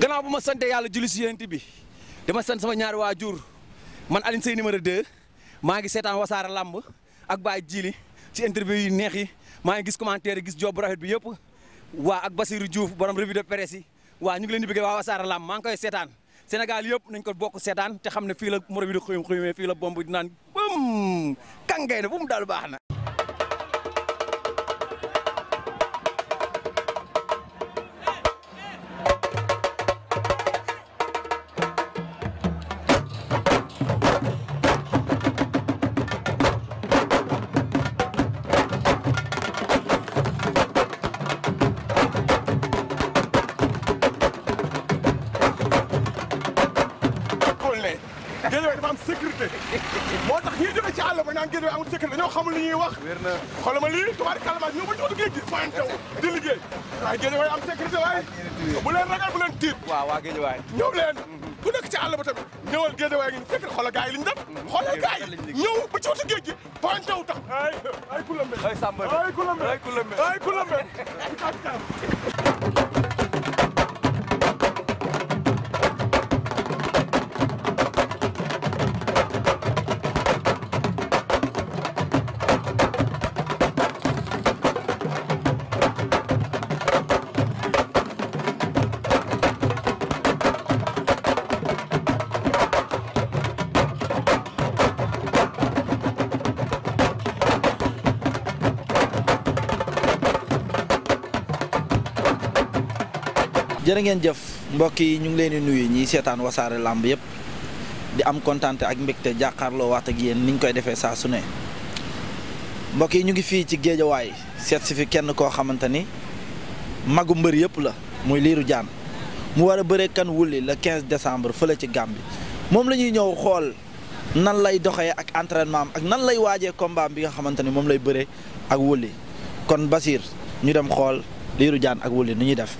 gannaaw bu ma santee yàlla julli si yéent bi dama sant sama ñaari waajur man Alioune Seye a 2 maa ngi seetaan wasaara làmb ak Baye Djili ci interview yi neex yi maa ngi gis commentaire gis job bu bi yëpp waa ak Basirou Diouf borom revue de presse waa ñu ngi leen di bëgg waa wasaara lamb maa ngi koy seetaan Sénégal yëpp nañ ko bokk seetaan te xam ne fii la moro bi di xuyum xuyumee fii la bomb dinaan bam kàngay na bu mu daal baax na Guédiawaye dafa am sécurité moo tax ñuy jóge ci àll ba naan Guédiawaye amul sécurité ñoo xamul li ñuy wax xoolal ma lii tubaari kalamaas ñoo ba ci otu géej gi foyen taw di liggéey waaye Guédiawaye am sécurité waaye bu leen ragal bu leen tiit waaw waa Guédiawaye ñëw leen ku nekk ci àll ba tamit ñëwal Guédiawaye ngi sécurité xoolal gars yi li ñu def xoolal gars yi ñëw ba ci otu géej gi foyen taw tax ay ay kulambe ay kulambe ay kulambe ay kulambe jërë ngeen jëf mbokk yi ñu ngi leen di nuyu ñiy seetaan wasaare làmb yëpp di am kontante ak mbégte jàkkaarloo waat ak yéen ni ñu koy defee saa su ne mbokk yi ñu ngi fii ci géejawaay seet si fi kenn koo xamante ni magu mbër yëpp la muy liiru jaan mu war a bëree kan wulli le 15 décembre fële ci Gambie moom la ñuy ñëw xool nan lay doxee ak entraînement ak nan lay waajee combat bi nga xamante ni moom lay bëree ak wulli kon Basir ñu dem xool liiru jaan ak wulli nu ñuy def.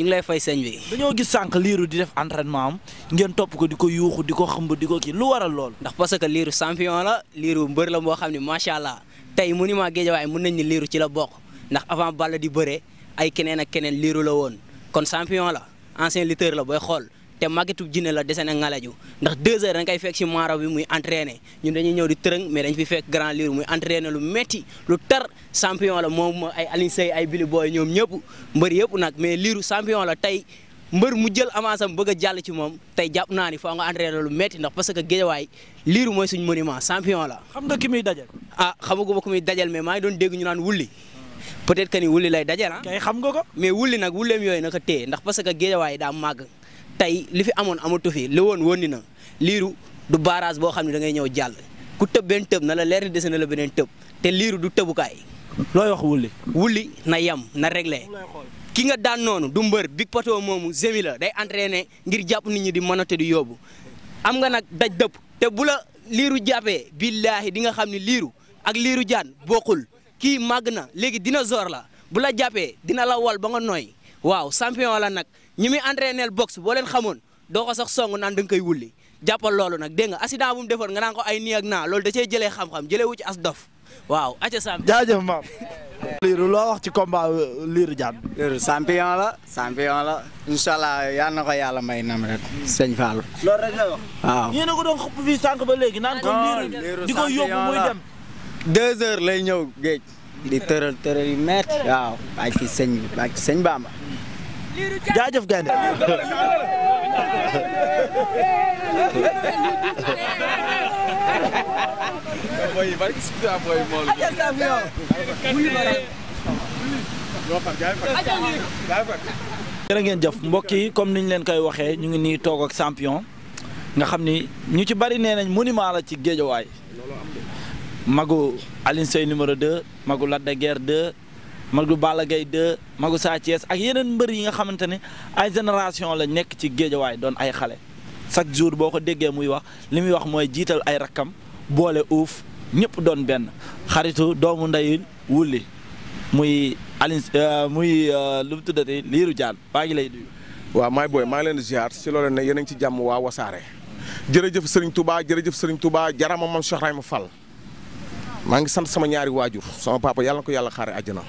ñu lay fay sëñ bi. dañoo gis sànq liiru di def entraînement am ngeen topp ko di ko yuuxu di ko xëmb di ko kii lu waral lool. ndax parce que liiru sampion la liiru mbër la moo xam ne macha allah tey monument Guédiawaye mën nañ ni liiru ci la bokk ndax avant Balla di bëre ay keneen ak keneen liiru la woon kon sampion la ancien lutteur la booy xool te màggetu jinne la dese na ngalaju ndax deux heures da fekk si maaraw bi muy entraîné ñun dañuy ñëw di tërëng mais dañ fi fekk grand livre muy entraîné lu metti lu tar champion la moom ay Alioune Seye ay Billy Boy ñoom ñëpp mbër yëpp nag mais liiru champion la tey mbër mu jël avance am bëgg a ci moom tey jàpp naa ni foo nga entraîné lu metti ndax parce que géejawaay liiru mooy suñ monument champion la. xam nga ki muy dajal. ah xamagu ma ku muy dajal mais maa ngi doon dégg ñu naan wulli peut-être que ni wulli lay dajal ah. kay xam nga ko. mais wulli nag wulleem yooyu naka téye ndax parce que géejawaay daa màgg tey li fi amoon amatu fi li woon wóni na liiru du barrage boo xam ne da ngay ñëw jàll ku tëb benn tëb na la leer ni dese na la beneen tëb te liiru du tëbukaay. looy wax wulli na yem na réglé ki nga daan noonu du mbër big pato moomu zemi la day entraîné ngir jàpp ni ñi di mënate di yóbbu am nga nag daj dëpp te bu la liiru jàppee billaahi di nga xam ne liiru ak liiru jaan bokkul kii màgg na léegi dina zor la bu la jàppee dina la wal ba nga nooy waaw champion la nag ñi muy entraîneel boxe boo leen xamoon doo sax song naan da nga koy wulli jàppal loolu nag dégg nga accident bu mu defoon nga naan ko ay nii ak loolu da cee jëlee xam-xam jëlee ci as dof waaw acca sam jaajëf maam liiru loo wax ci combat euh, liiru jaan liiru champion la champion la incha allah yal na ko yàlla may nam rek sëñ Fallou loolu rek la wax waaw yéen a ko doon ba léegi naan ko liiru lay ñëw géej di tëral sëñ bi bàyyi jaajëf gaynde boy jëf mbokk yi comme niñ leen koy waxee ñu ngi nii toog ak champion nga xam ni ñu ci bari nee nañ monument la ci géejawaay magu Alioune numéro 2 magu Lac de Guiers magu Balla gay 2 magu Sa Thiès ak yeneen mbër yi nga xamante ne ay génération la nekk ci géejawaay doon ay xale chaque jour boo ko déggee muy wax li muy wax mooy jiital ay rakkam boole uuf ñëpp doon benn xaritu doomu ndeyul wulli muy Alioune euh, muy euh, lu mu tuddati liiru Diane baa ngi lay nuyu. waaw maay booy maa leen di ziar si loolu ne yéen ci jàmm waa wasaare. jërëjëf Serigne Touba jërëjëf sëriñ tubaa jarama mam Cheikh ma fal maa ngi sant sama ñaari waajur sama yàlla ko yàlla xaare àjjana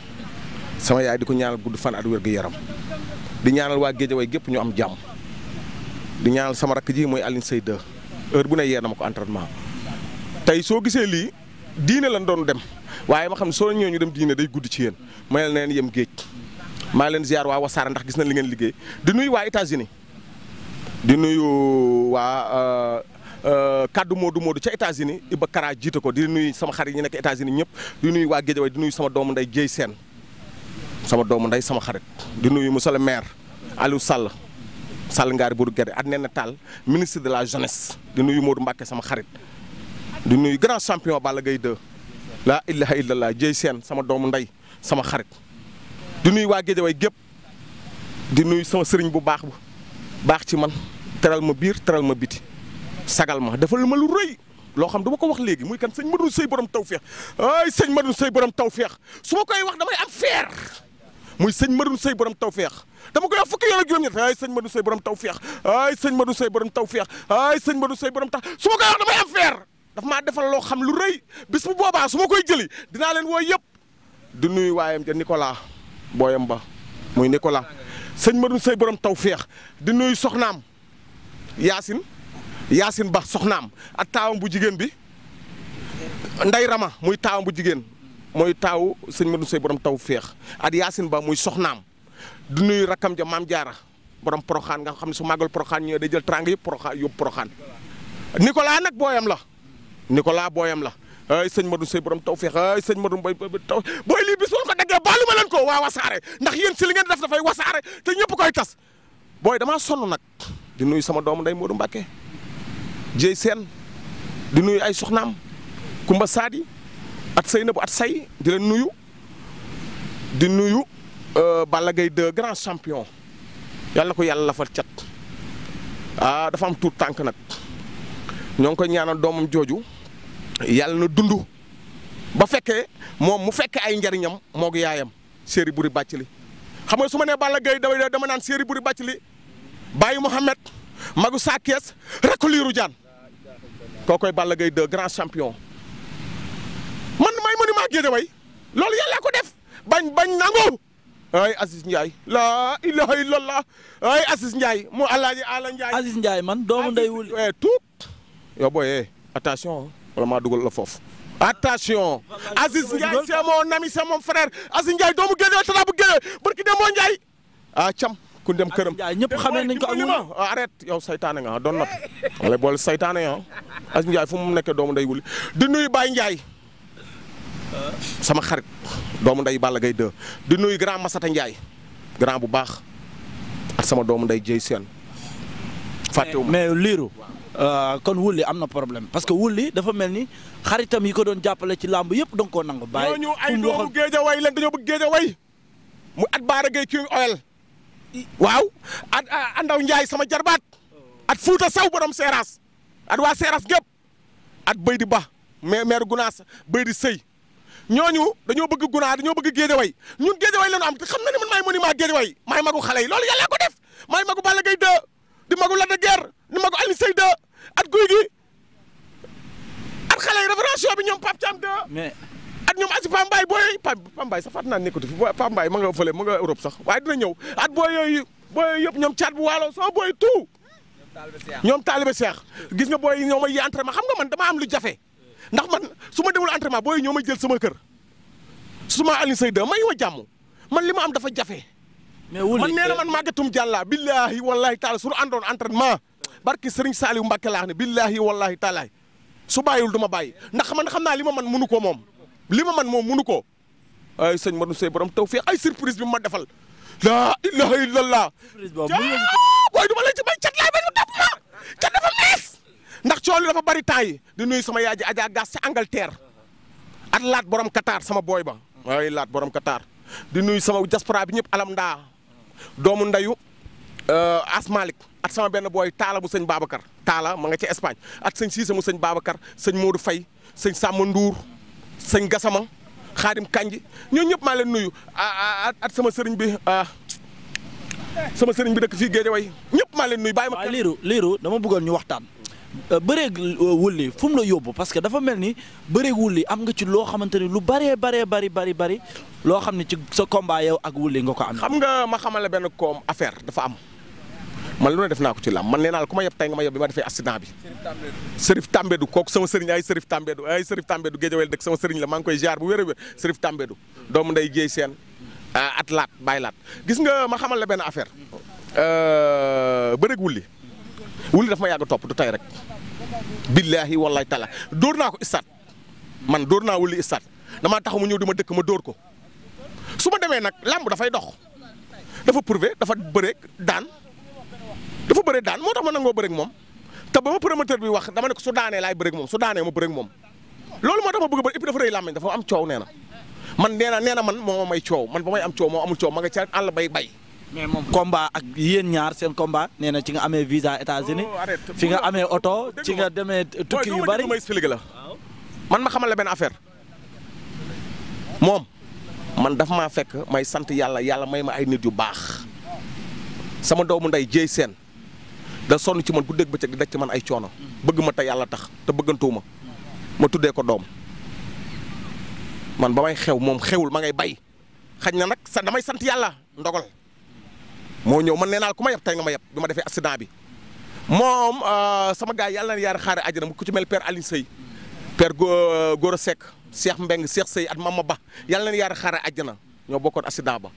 sama yaay di ko ñaanal gudd fan at wér gu yaram di ñaanal waa Géejawaay gépp ñu am jàmm di ñaanal sama rakk ji mooy Alioune Seye 2 bu ne yee na ma ko entraînement tey soo gisee lii diine lan doon dem waaye ma xam ne soo ñu dem diine day gudd ci yéen may leen yem géej maa leen ziar waa Wassare ndax gis na li ngeen liggéey di nuyu waa États-Unis di nuyu waa euh, euh, kaddu moodu moodu ca États-Unis Iba Kara ko di nuyu sama xarit yi ñu nekk états ñëpp di nuyu waa Géejawaay di nuyu sama doomu nday Jéy Seen sama doomu ndey sama xarit di nuyu monsieur le maire Aliou Sall Sall ngaari Bourou Guède ak Néné Tall ministre de la jeunesse di nuyu Modou Mbacke sama xarit di nuy grand champion Balla Gaye 2 laa ilaha illallah jëy seen sama doomu ndey sama xarit di nuy waa Guédiawaye gépp di nuyu sama sëriñ bu baax baax ci man teral ma biir teral ma biti sagal ma dafa lu ma lu rëy loo xam dama ko wax léegi muy kan sëñ Madou Seye borom tawféex ay sëñ Madou Seye borom tawféex su ma koy wax damay am feer muy sëñ Madou Seye borom taw feex dama koy wax fukki yoon ak juróom-ñett ay sëñ Madou Seye borom tawféex ay sëñ Madou Seye borom tawféex ay sëñ Madou Seye borom tax su ma koy wax damay am feer daf maa defal loo xam lu rëy bis bu boobaa su ma koy jëli dinaa leen wooy yëpp di nuyu waayam ja Nicolas booyam ba muy Nicolas sëñ Madou Seye borom taw tawféex di nuyu soxnaam Yacine Yacine Ba soxnaam ak taawam bu jigéen bi Nday muy taawam bu jigéen mooy taaw sëñ Madou Sey borom taw feex ak Yacine Ba muy soxnaam du nuyu rakkam ja maam jaara borom poroxaan nga xam ne su màggal poroxaan ñëwee day jël trang yëpp poroxaan yóbbu poroxaan Nicolas nag booyam la Nicolas booyam la ay sëñ Madou Sey borom taw féex ay sëñ Madou Mbaye taw booy lii bis bu ko daggee baalu ma leen ko waa wasaare ndax yéen si li ngeen def dafay wasaare te ñëpp koy tas booy damaa sonn nag di nuyu sama doomu nday Modou Mbacke jéy seen di nuy ay soxnaam Kumba Saadi at say na at say di leen nuyu di nuyu euh, Balla gay 2 grand champion yàlla ko yàlla lafal cat ah dafa am tuut tànk nag ñoo ngi koy ñaanal doomam jooju yàlla na dund ba fekkee moom mu fekkee ay njariñam moog yaayam Séeri Buri li xam nga su ma nee Balla gay dama dama naan Séeri Buri li bàyyi Mohamed Magu Sakes rakk liiru jaan koo koy Balla gay 2 grand champion Géejawaay lool yàlla ko def bañ bañ nangu ay Aziz Ndiaye la ilaha illallah ay Aziz Ndiaye mu alaaji Ala Ndiaye. Aziz man doomu ndey wul eh, tuut yow booy eh, attention wala maa dugal la foofu attention Aziz Ndiaye c'est mon ami c'est mon frère Aziz Ndiaye doomu Géejawaay tata bu Géejawaay barki dem moo Ndiaye ah cam ku dem këram ñëpp xamee nañ ko ak wuli ah, arrête yow saytaane nga ah, doon nat wala boole saytaane nga ah. Aziz Ndiaye fu mu nekk doomu ndey wul di nuyu Baye Ndiaye sama xarit doomu nday Balla gay 2 di nuy grand Massata Ndiaye grand bu baax ak sama doomu nday Dieye Sène fàttewu ma mais liiru euh, kon wulli am na problème parce que wulli dafa mel ni xaritam yi ko doon jàppale ci làmb yëpp danga koo nangu bàyyi ñooñu ay doomu géejaway lañ dañoo bëgg géejaway mu at Baara Gueye King Oil waaw at ah, Andaw Ndiaye sama jarbaat at Fouta Saw borom Seeraas at waa Seeraas gépp at Baydi Ba maire Gunaas Baydi Sëy ñooñu dañoo bëgg Gounass dañoo bëgg Guédiawaye ñun Guédiawaye lañu am te xam na ne man maay monument Guédiawaye maay magu xale yi loolu yàlla ko def maay magu Balla gay 2 di magu Lac de Guiers di magu Alioune Seye 2 at guy gi at xale yi révélation bi ñoom Pape Thiam 2 mais at ñoom asi Pambaay booy Pambaay sax fàtt naa nekkatu fi Pambaay ma nga fële ma nga Europe sax waaye dina ñëw at booy yooyu booy yooyu yëpp ñoom caat bu waalo soo booy tout ñoom taalibe Seex gis nga booy ñoom ay entraînement xam nga man dama am lu jafe ndax man su ma demul entraînement booy ñoo may jël sama kër su ma Alioune Seye 2 may wa jàmm man li ma am dafa jafe. mais wul man nee na eh, man màggatum jàlla billaahi wallaahi taala su ñu àndoon entraînement barki Serigne Saliou Mbacke laa ne billaahi wallaahi taala su bàyyiwul du ma bàyyi ndax man xam naa li ma man munu ko moom li ma man moom munu ko ay ma Modou Seye borom taw fii ay surprise bi ma defal laa ilaha illallah. surprise boobu booy du ma la ci bay cat laay ba ñu ndax coow li dafa bari temps di nuyu sama yaaj ji Adja Gass ci Angleterre ak laat borom Qatar sama booy ba waaye laat boroom Qatar di nuyu sama diaspora bi ñëpp alam ndaa doomu ndayu euh, Asmalik ak sama benn booy Taala mu sëñ Babacar Taala ma nga ca Espagne ak sëñ Cissé mu sëñ Babacar sëñ Modou Faye sëñ Samba nduur sëñ Gassama Xaadim Kanji ñoo ñëpp maa leen nuyu at sama sëriñ bi sama sëriñ bi dëkk fii Géejawaay ñëpp maa leen nuyu baay ma liiru liiru dama bëggoon ñu waxtaan Euh, bëreeg euh, wulli fu mu la yóbbu parce que dafa mel ni bëreeg wulli am nga ci loo xamante ni lu bëree bëree bari bari bëri loo xam ne ci sa combat yow ak wulli nga ko am. xam nga ma xamal la benn koom affaire dafa am man lu ne def naa ko ci la man nee naa la ku ma yeb tey nga ma yeb bi ma defee accident bi. Serif Tambédou kooku sama sëriñ ay Serif Tambédou ay Serif Tambédou Géejawaay dëkk sama sëriñ la maa ngi koy ziar bu wér a wér Serif Tambédou doomu nday géey seen at laat bàyyi gis nga ma xamal benn affaire euh, bëreeg wuli dafa ma yàgg topp du tey rek billaahi wallahi taala dóor naa ko istaat man dóor naa wuli istaat damaa tax mu ñëw di ma dëkk ma dóor ko su ma demee nag làmb dafay dox dafa prouvé dafa bëreeg daan dafa bëreeg daan moo tax ma nangoo bëreeg moom te ba ma promoteur bi wax dama ne ko su daanee laay bëreeg moom su daanee ma bëreeg moom loolu moo tax ma bëgg a bëri dafa rëy làmmiñ dafa am coow nee na man nee na nee na man moo ma may coow man ba may am coow moo amul coow ma nga ca àll bay bay mais moom combat ak yéen ñaar seen combat nee na ci nga amee visa États-Unis oh, fi nga amee oto oh, ci nga demee tukki yu bari may expliqué la man ma xamal la benn affaire moom man dafa ma fekk may sant yàlla yàlla may ma ay nit yu baax sama doomu ndey jéey seen da sonn ci man guddeeg bëccëg di daj ci man ay coono bëgg ma te yàlla tax te bëggantuwuma ma tuddee ko doom man ba may xew moom xewul ma ngay bay xaj na nag sa damay sant yàlla ndogal moo ñëw ma nee naa ku ma yeb tey nga ma yeb bi ma defee accident bi moom euh, sama gars yàlla na yaar xaare àjjana mu ku ci mel père Alioune Seye père euh, a Seck Cheikh Mbeng Cheikh Seye ak ma Ba yàlla na yaar xaare àjjana ñoo bokkoon accident ba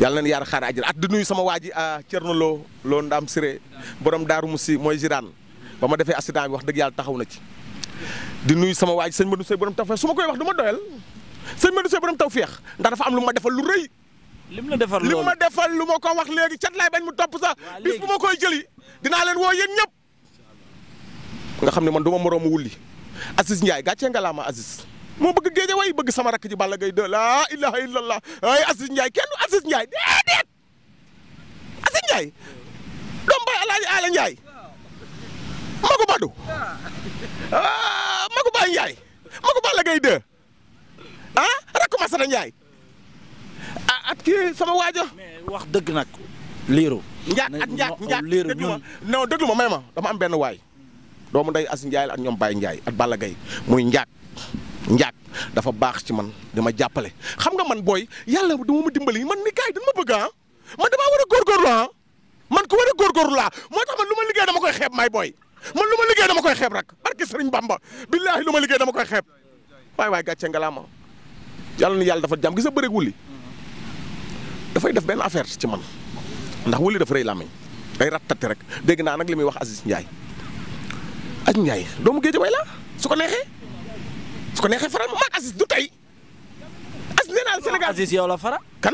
yàlla na yaar xaare àjjana at di nuyu sama waa ji euh, Thierno loo loo Ndam Siré borom Daaru Musi mooy Giraan ba ma defee accident bi wax dëgg yàlla taxaw na ci di nuyu sama waaj sëñ Madou Seye borom taw feex su ma koy wax du ma doyal sëñ Madou Seye borom taw feex ndax dafa am lu ma defal lu rëy lim la defar lim ma defal lu ma ko wax léegi cat laay bañ mu topp sax bis bu ma koy jëli dinaa leen woo yéen ñëpp nga xam ne man du ma moroomu wulli Aziz Ndiaye gàccee nga laa ma moo bëgg géeje way bëgg sama rakk ji Balla Gaye de laa ilaha illallah ay Aziz Ndiaye kenn du Aziz Ndiaye déedéet Aziz Ndiaye doom bay Alaaji Ala Ndiaye magu badu ah, magu baay Ndiaye magu Balla Gaye de ah rakk Masana Ndiaye at kii sama waajo wax dëgg nag liiru njaat ak njaat njaat déglu ma non déglu ma may ma dama am benn waay doomu nday as njaay la ak ñoom Baye Njaay ak Balla gay muy njaat njaat dafa baax ci man dama jàppale xam nga man booy yàlla dama ma dimbali man ni gars yi ma bëgg ah. man damaa war a góorgóorlu ah. man ku war a góorgóorlu laa moo tax man lu ma liggéey dama koy xeeb may booy man lu ma liggéey dama koy xeeb rek barki sëriñ Bamba billaahi lu ma liggéey dama koy xeeb waay waay gàcce nga ma yàlla na yàlla dafa jàmm gis nga dafay def benn affaire ci man ndax wuli dafa rëy làmmiñ day rattati rek dégg naa nag li muy wax Aziz Ndiaye Aziz Ndiaye doomu géej way la su ko neexee su ko neexee faral ma ak du tey Aziz nee la faral. kan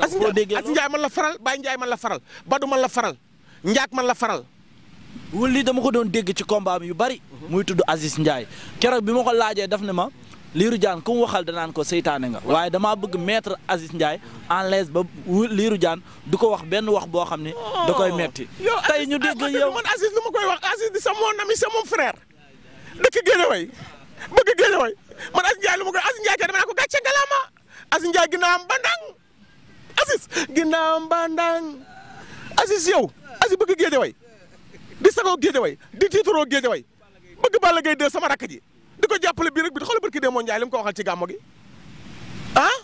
Aziz Ndiaye man la faral Baye Ndiaye man la faral Badou man la faral Ndiak man la faral. wuli dama ko doon dégg ci kombaam yu bari. muy tudd Aziz Ndiaye keroog bi ma ko laajee daf ne ma. liiru Diane ku mu waxal danaan ko seytaane nga waaye damaa bëgg maître Aziz Ndiaye en l'aise liiru Lirou du ko wax benn wax boo xam ne da koy oh. metti tey ñu dégg ah, yow man Aziz lu ma koy wax Aziz di sama ami sama frère dëkk Guédiawaye bëgg Guédiawaye man Aziz Ndiaye lu ma koy Aziz Ndiaye kay dama naa ko gàcce galama Aziz Ndiaye ginnaawam bandang Aziz ginnaawam bandang Aziz yow Aziz di sagoo Guédiawaye di tiitaroo Guédiawaye bëgg Balla Gaye sama rakk di ko jàppale bii rek bi xoolal barki Demba Ndiaye li mu ko waxal ci gàmmo gi ah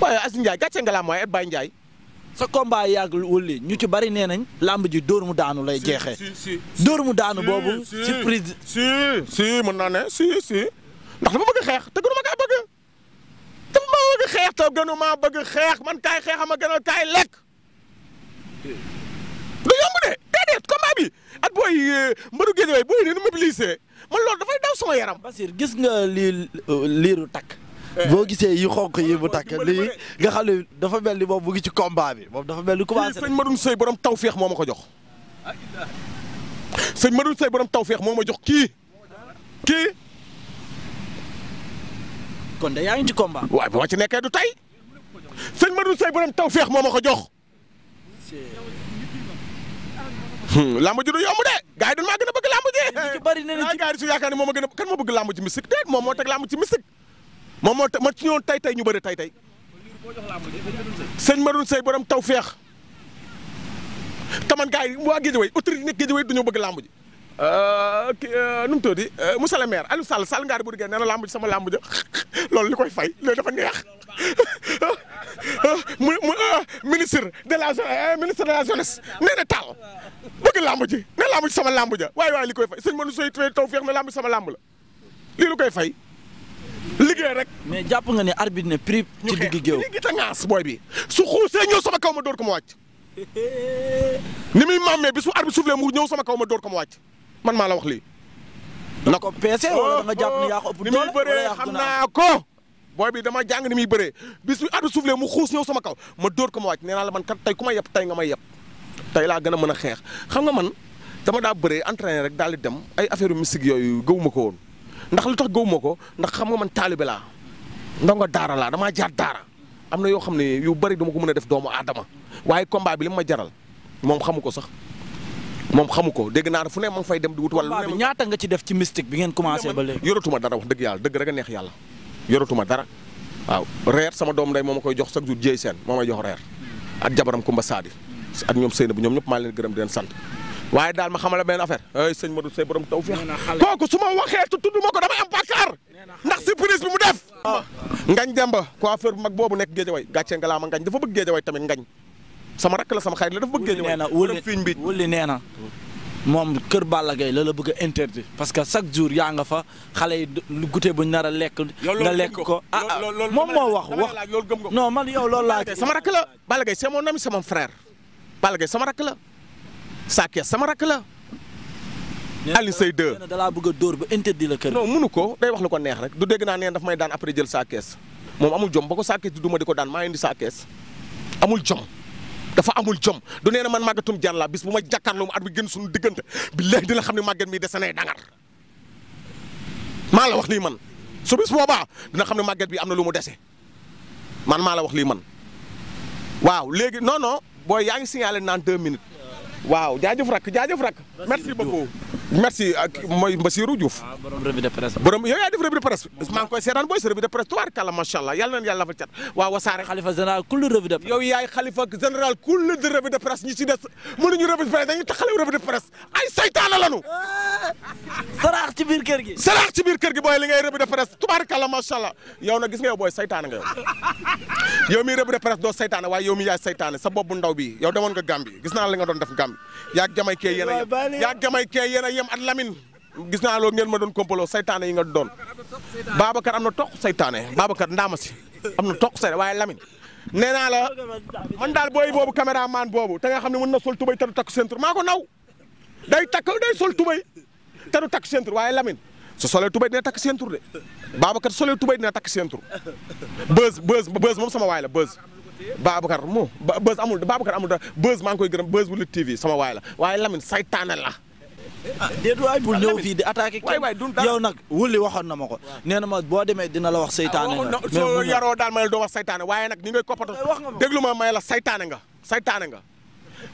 waaye Aziz Ndiaye gàcce mooy Baye Ndiaye. sa combat yàgg wulli ñu ci bari nee nañ. làmb ji dóor mu daanu lay jeexee. si si si dóor mu daanu boobu. surprise si si mën naa ne si ndax dafa bëgg xeex te gënu ma kaa bëgg dafa xeex te gënu maa xeex man kaay xeex ama gënal kaay lekk. du yomb de déedéet combat bi at booy euh, mbëru géej way booy yi mobilisé. man loolu dafay daw sama yaram. Basir gis nga lii liiru takk. Eh. boo gisee yi xonq yi bu takk lii nga xam dafa mel ni moom mu ngi ci combat bi moom dafa mel ni commencé. sëñ Madoum Seye borom taw féex moo ma ko jox. sëñ borom taw féex moo ma jox kii kii. kon de yaa ngi ci combat. waaye bu ma ci nekkee du tey sëñ Madoum Seye borom taw féex moo ma ko jox. lamb ji du yomb de gars yi dañ gën a bëgg lamb ji. li ci bëri ah, su yaakaar moom moo gën a kan moo bëgg lamb ci mystique moom moo teg lamb ci moom moo teg man ci ñoon tey tey ñu bëri tey tey. sëñ Madoune Seye borom taw feex taman gars mu waa Guédiawaye autorité nekk Guédiawaye du ñu bëgg lamb ji Euh, euh, nu mu tuddati euh, Moussa le maire Aliou Sall Sall ngaari bu diggee nee na lamb ji sama lamb loolu li koy fay loolu dafa neex mu mu ministre de la ministre de la jeunesse nee na taal bëgg lamb ji ne sama lamb ja waaye waaye li koy fay sëñ mënu soy taw feex ne lamb sama lamb la lii lu koy fay liggéey rek. mais jàpp nga ne arbitre ne prix ci digg géew ñu ta ngaas booy bi su xuusee ñëw sama kaw ma door ko ma wàcc ni muy màmmee bi su arbitre soufflé mu ñëw sama kaw ma dóor ko ma wàcc man maa la wax lii. na ko peese wala oh, nga jàpp ko ëpp doole oh, ni muy bëree xam naa ko. booy bi dama jàng ni muy bëree bis bi àddu suuf lee mu xuus ñëw sama kaw ma dóor ko ma wàcc nee man kat tey ku ma yeb tey nga ma yeb tey laa gën a mën a xeex xam nga man dama daa bëree entraîné rek daal di dem ay affaire mystique yooyu gëwuma ko woon ndax lu tax gëwuma ko ndax xam nga man taalibe laa ndongo daara laa damaa jaar daara am na yoo xam ne yu bari dama ko mën a def doomu aadama waaye combat bi li ma jaral moom xamu ko sax moom xamu ko dégg naa fu ne ma ngi fay dem di wut wala ñaata nga ci def ci mystique bi ngeen commencé ba léegi yoratuma dara wax dëgg yàlla dëgg rek a neex yàlla yoratuma dara waaw reer sama doom day moo ma koy jox chaque jour jiey seen moo may jox reer ak jabaram Kumba Saadi ak ñoom sëy na bu ñoom ñëpp maa leen gërëm di leen sant waaye daal ma xamala benn affaire ay sëñ Modou Seye borom taw fi kooku su ma waxee tu tudd ma ko damay am bàkkaar ndax surprise bi mu def ngañ Demba coiffeur bu mag boobu nga laa ma ngañ dafa bëgg Géejawaay tamit ngañ sama rakk la sama xarit la dafa bëgg géej. nee na wulli fiñ bi wulli nee na moom kër Balla Gaye la la bëgg a interdit parce que chaque jour yaa nga fa xale yi gute buñ nar a lekk. nga lekk ko ah moom moo wax wax non man yow loolu laa. sama rakk la Balla Gaye c'est mon ami sama frère Balla Gaye sama rakk la Sakya sama rakk la. Aliou Seye 2 da laa bëgg a dóor ba interdit la kër. non mënu ko day wax la ko neex rek du dégg naa neen daf may daan après jël saa kees moom amul jom ba ko saa kees di duma ko daan maa indi saa kees amul jom. dafa amul jom du nee na man màggatum jàlla bis bu ma jàkkaarloo mu at bi gën suñu diggante bi dina xam ne màgget mi dese nay dangar maa la wax lii man su bis boobaa dina xam ne màgget bi am na lu mu dese man maa la wax lii man waaw léegi noonoo non booy yaa ngi signalé naan deux minutes waaw jaajëf rakk jaajëf rakk merci beaucoup merci ak mooy Mbassirou Diouf. Ah, waaw def revue de presse maa ngi koy seetaan booy sa revue de presse tuwaar kàlla macha allah na gi. saraax li ngay revue de presse tuwaar kàlla macha allah yow nag gis nga yow booy saytaana nga yow. yow mi revue de presse doo saytaane waaye yow mi yaay saytaane sa bopp bu ndaw bi yow demoon nga Gambie gis naa la doon def Gambie yaa jamay kee yem at Lamine gis naa loolu ngeen ma doon kompaloo saytaane yi nga doon Babacar am na toq saytaane ndaa ma si am na toq saytaane waaye lamin nee naa la man daal booy boobu caméraman boobu te nga xam ne mën na sol tubay te du takk ceinture maa ko naw day takk day sol tubay te du takk waaye lamin su solee tubay dina takk ceinture de Babacar solee tubay dina takk ceinture beuz beuz beuz moom sama waay la beuz Babacar moo beuz amul Babacar amul dara beuz maa ngi koy gërëm beuz bu Lutte TV sama waay la waaye Lamine saytaane la ah déet waay bul ñëw fii di attaqué kenn yow nag wulli waxoon na ma ko nee na ma boo demee dina la wax saytaane ah, nga soo yaroo daal may la doo wax saytaane waaye nag ni ngay koppato déglu ma may la saytaane nga saytaane nga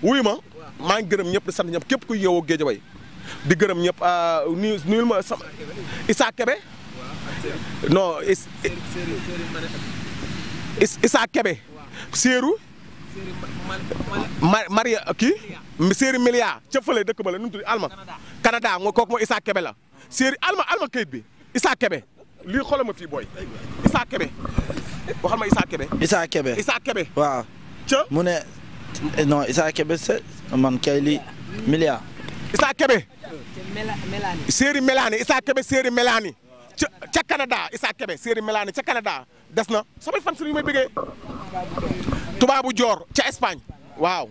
wuyu ma maa ngi gërëm ñëpp di sant ñëpp képp ku yeewoo Géejawaay di gërëm ñëpp ah, nuyu nuyul ma sama Issa Kebe non Issa Kebe Seeru ma Maria kii séeri Milia ca fële dëkk ba Alma. Canada mooy kooku mooy Kebe la. séeri Alma Alma kayit bi Issa Kebe lii xoolal ma fii booy Issa Kebe waxal ma Issa Kebe. Issa Kebe waaw ca mu ne non Issa Kebe se man kay li Milia. Kebe. séeri Melani Issa Kebe séeri Melani. ca ca Canada Issa Kebe séeri Melani ca Canada des na samay fan yu may bëggee tubaabu joor ca Espagne waaw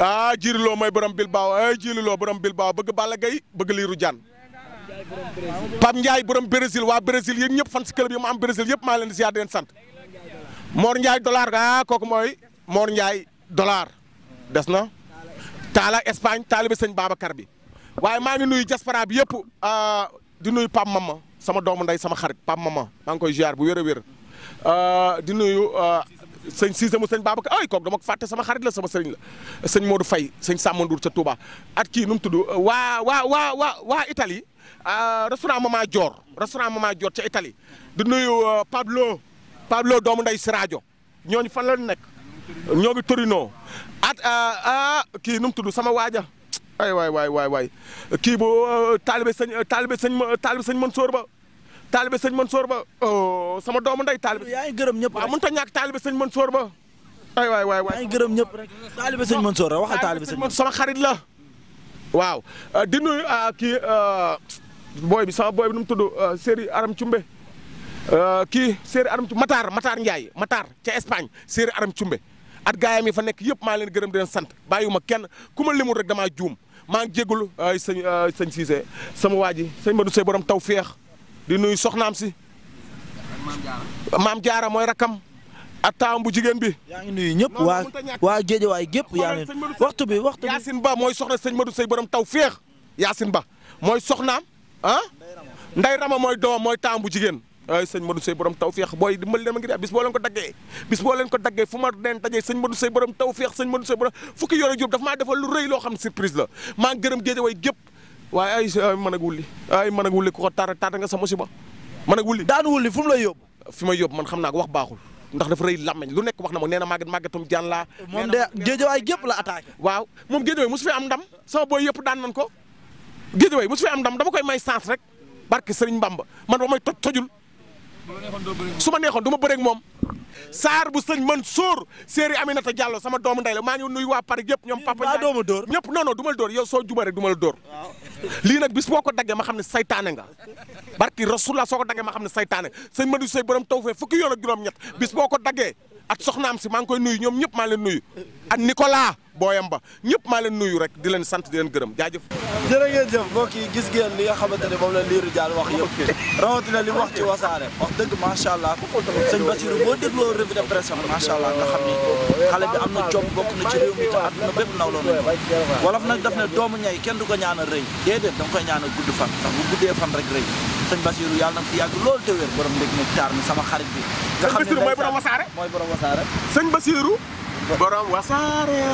ah jiriloo mooy borom Bilbao ay eh, jiriloo borom Bilbao bëgg Balla Gaye bëgg Lirou Diane Pap Ndiaye borom Brésil waa Brésil yéen ñëpp fan si club yi mu am Brésil yëpp maa leen di ziar di sant Mor Ndiaye dollar ah kooku mooy Mor Ndiaye dollar des taala Espagne taalibe sëñ Babacar bi waaye maa ngi nuyu diaspora bi ah, di nuyu Pape Mama sama doomu nday sama xarit Pape Mama maa ngi koy ziar bu wér a wér euh, di nuyu euh, sëñ Cissé mu sëñ Babacar ay kooku dama ko sama xarit la sama sëriñ la sëñ Modou fay sëñ Samba Ndour sa Touba at kii nu mu tudd waa waa waa waa waa Italie euh, restaurant Mama Dior restaurant Mama Dior ca Italie di nuyu Pablo Pablo doomu nday Siradio ñooñu fan la nekk ñoo ngi Torino at kii nu mu tudd sama waaja ay waay waay waay kii boo euh, taalibe sëñ euh, taalibe sëñ taalibe sëñ Mansoor ba taalibe sëñ soor ba oh, sama doomu ndey taalibe yaa ngi gërëm ñëpp waaw mënut a ñàkk taalibe sëñ ba ay waay waay waay yaa ngi gërëm ñëpp rek taalibe sëñ Mansoor la waxal taalibe sëñ sama xarit la waaw euh, di kii booy bi sama booy bi nu mu tudd Seri Aram Cumbe kii Seri Aram Cumbe Matar Matar Ndiaye Matar ca Espagne Seri Aram Cumbe at gaayam yi fa nekk yëpp maa leen gërëm di sant sant bàyyiwuma kenn ku ma limul rek damaa juum maa ngi jégalu ay sëñ sëñ Cissé sama waa ji sëñ Madou Sey borom taw feex di nuyu soxnaam si. maam jaara mooy rakam. a taawam bu jigéen bi. yaa ngi nuyu ñëpp waa waa Géejawaay gépp yaa ngi waxtu bi waxtu bi. Yacine Ba mooy soxna sëñ Madou Sey borom taw feex Yacine Ba mooy soxnaam ah. Ndey Rama mooy doom mooy taawam bu jigéen. ay sëñ Modou Sey borom taw feex booy dimbali dama ngi def bis boo ko daggee bis ko daggee fu ma leen dajee sëñ Modou Sey borom taw feex sëñ Modou Sey borom fukki yore jub daf maa defal lu rëy loo xam surprise la maa gërëm géej way ko taata taata nga sa musiba mën ak wulli daan wulli fu mu lay yóbbu fi naa ko wax baaxul ndax dafa rëy làmmeñ lu nekk wax na ma nee na màgget màggetum jaan laa moom de géejawaay gépp la attaqué waaw moom géejawaay mosu fi am ndam sama booy yëpp daan nañ ko géejawaay mosu fi am ndam dama koy may chance rek barke Sëriñ Mbamba man ba may toj tojul su ma neexoon duma ma bëreeg moom Saar bu sëñ man sóor séeri Aminata Diallo sama doomu ndey la maa ngi nuyu waa Paris yëpp ñoom papa Ndiaye doomu dóor ñëpp non non ma la dóor yow soo juma rek du ma la dóor lii nag bis boo ko daggee ma xam ne saytaane nga barki rasulullah soo ko daggee ma xam ne saytaane sëñ Madou Sey borom taw fee fukki yoon juróom ñett bis boo ko daggee ak soxnaam si maa ngi koy nuyu ñoom ñëpp maa leen nuyu ak Nicolas booyam ba ñëpp maa leen nuyu rek di leen sant di leen gërëm jaajëf jërë ngeen jëf mbokk gis ngeen li nga xamante ne moom la liiru jaan wax yëpp rawatina li mu wax ci wasaare wax dëgg macha allah sëñ Basiru boo dégloo revue de presse macha allah nga xam ni xale bi am na jom bokk na ci réew mi te àdduna bépp naw loo nañ wolof nag daf ne doomu ñay kenn du ko ñaana rëy déedéet da nga koy ñaanal gudd fan ndax guddee fan rek rëy sëñ Basiru yàlla na fi yàgg loolu te wér borom ndég ne taar sama xarit bi nga xam ne mooy borom wasaare mooy borom wasaare borom wasaare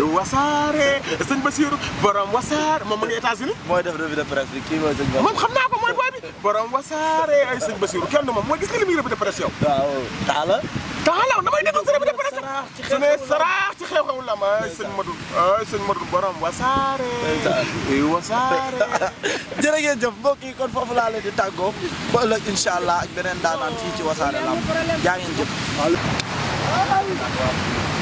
wasaare sëñ Basiiru borom wasaare moom ma ngi mooy def revue de kii mooy sëñ xam naa ko mooy booy borom wasaare ay sëñ Basiiru kenn moom mooy gis nga li muy revue de presse yow waaw taala taala damay déglu si revue de presse su ne ci xew-xewu lam ay sëñ Madou ay sëñ Madou borom wasaare wasaare jërë ngeen jëf yi kon foofu laa leen di tàggoo ba ak incha allah ak beneen daanaan fii ci wasaare lam jaa ngeen jëf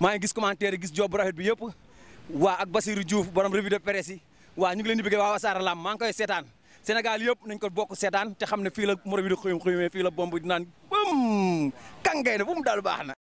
maa ngi gis commentaire gis job rafet bi yëpp waa ak Basirou Diouf borom revue de presse yi waa ñu ngi leen di bëgg waa Wassare maa ngi koy seetaan Sénégal yëpp nañ ko bokk seetaan te xam ne fii la moro bi di xuyum xuyumee fii la bomb di naan bum kàngay na bu mu daal baax na